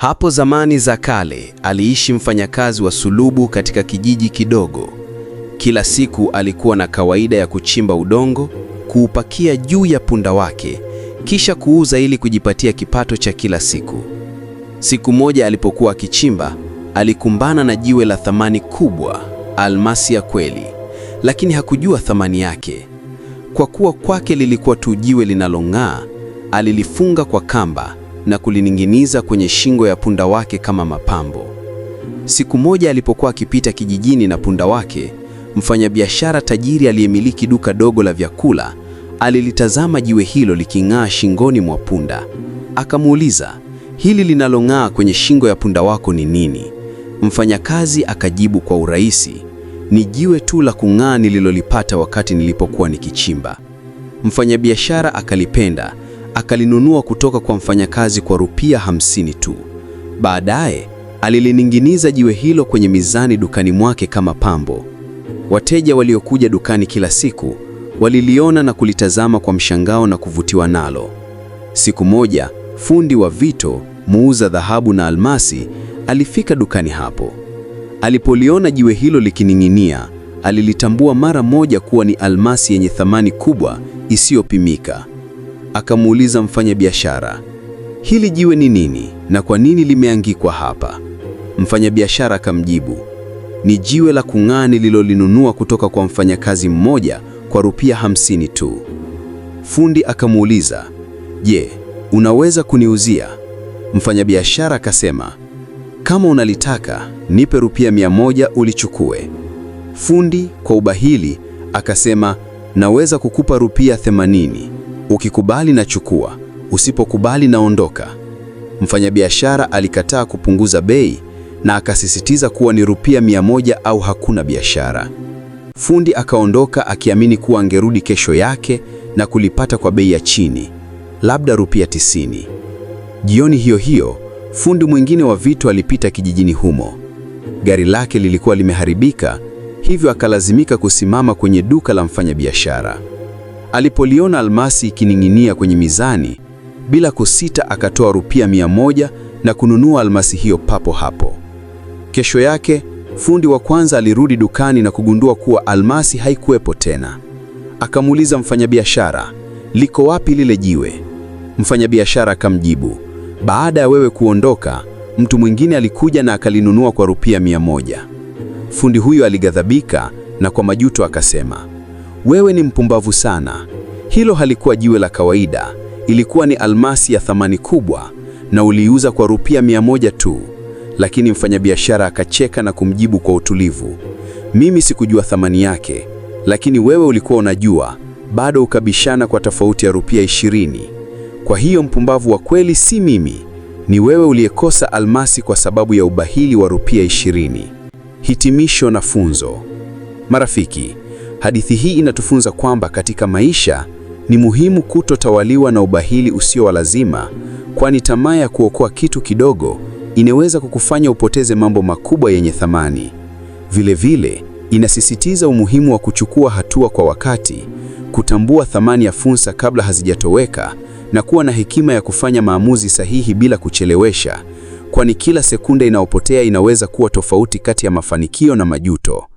Hapo zamani za kale aliishi mfanyakazi wa sulubu katika kijiji kidogo. Kila siku alikuwa na kawaida ya kuchimba udongo, kuupakia juu ya punda wake, kisha kuuza ili kujipatia kipato cha kila siku. Siku moja alipokuwa akichimba, alikumbana na jiwe la thamani kubwa, almasi ya kweli, lakini hakujua thamani yake. Kwa kuwa kwake lilikuwa tu jiwe linalong'aa, alilifunga kwa kamba na kulining'iniza kwenye shingo ya punda wake kama mapambo. Siku moja alipokuwa akipita kijijini na punda wake, mfanyabiashara tajiri aliyemiliki duka dogo la vyakula alilitazama jiwe hilo liking'aa shingoni mwa punda. Akamuuliza, hili linalong'aa kwenye shingo ya punda wako ni nini? Mfanyakazi akajibu kwa urahisi, ni jiwe tu la kung'aa nililolipata wakati nilipokuwa nikichimba. Mfanyabiashara akalipenda akalinunua kutoka kwa mfanyakazi kwa rupia hamsini tu. Baadaye alilining'iniza jiwe hilo kwenye mizani dukani mwake kama pambo. Wateja waliokuja dukani kila siku waliliona na kulitazama kwa mshangao na kuvutiwa nalo. Siku moja fundi wa vito, muuza dhahabu na almasi, alifika dukani hapo. Alipoliona jiwe hilo likining'inia, alilitambua mara moja kuwa ni almasi yenye thamani kubwa isiyopimika. Akamuuliza mfanya biashara, hili jiwe ni nini na kwa nini limeangikwa hapa? Mfanyabiashara akamjibu, ni jiwe la kung'aa nililolinunua kutoka kwa mfanyakazi mmoja kwa rupia hamsini tu. Fundi akamuuliza, je, unaweza kuniuzia? Mfanyabiashara akasema, kama unalitaka nipe rupia mia moja ulichukue. Fundi kwa ubahili akasema, naweza kukupa rupia themanini. Ukikubali na chukua, usipokubali na ondoka. Mfanyabiashara alikataa kupunguza bei na akasisitiza kuwa ni rupia mia moja au hakuna biashara. Fundi akaondoka akiamini kuwa angerudi kesho yake na kulipata kwa bei ya chini, labda rupia tisini. Jioni hiyo hiyo fundi mwingine wa vitu alipita kijijini humo. Gari lake lilikuwa limeharibika, hivyo akalazimika kusimama kwenye duka la mfanyabiashara. Alipoliona almasi ikining'inia kwenye mizani, bila kusita akatoa rupia mia moja na kununua almasi hiyo papo hapo. Kesho yake fundi wa kwanza alirudi dukani na kugundua kuwa almasi haikuwepo tena. Akamuuliza mfanyabiashara, liko wapi lile jiwe? Mfanyabiashara akamjibu, baada ya wewe kuondoka, mtu mwingine alikuja na akalinunua kwa rupia mia moja. Fundi huyo aligadhabika na kwa majuto akasema wewe ni mpumbavu sana. Hilo halikuwa jiwe la kawaida, ilikuwa ni almasi ya thamani kubwa, na uliiuza kwa rupia mia moja tu. Lakini mfanyabiashara akacheka na kumjibu kwa utulivu, mimi sikujua thamani yake, lakini wewe ulikuwa unajua. Bado ukabishana kwa tofauti ya rupia ishirini. Kwa hiyo mpumbavu wa kweli si mimi, ni wewe uliyekosa almasi kwa sababu ya ubahili wa rupia ishirini. Hitimisho na funzo, marafiki Hadithi hii inatufunza kwamba katika maisha ni muhimu kutotawaliwa na ubahili usio wa lazima, kwani tamaa ya kuokoa kitu kidogo inaweza kukufanya upoteze mambo makubwa yenye thamani. Vilevile inasisitiza umuhimu wa kuchukua hatua kwa wakati, kutambua thamani ya fursa kabla hazijatoweka na kuwa na hekima ya kufanya maamuzi sahihi bila kuchelewesha, kwani kila sekunde inayopotea inaweza kuwa tofauti kati ya mafanikio na majuto.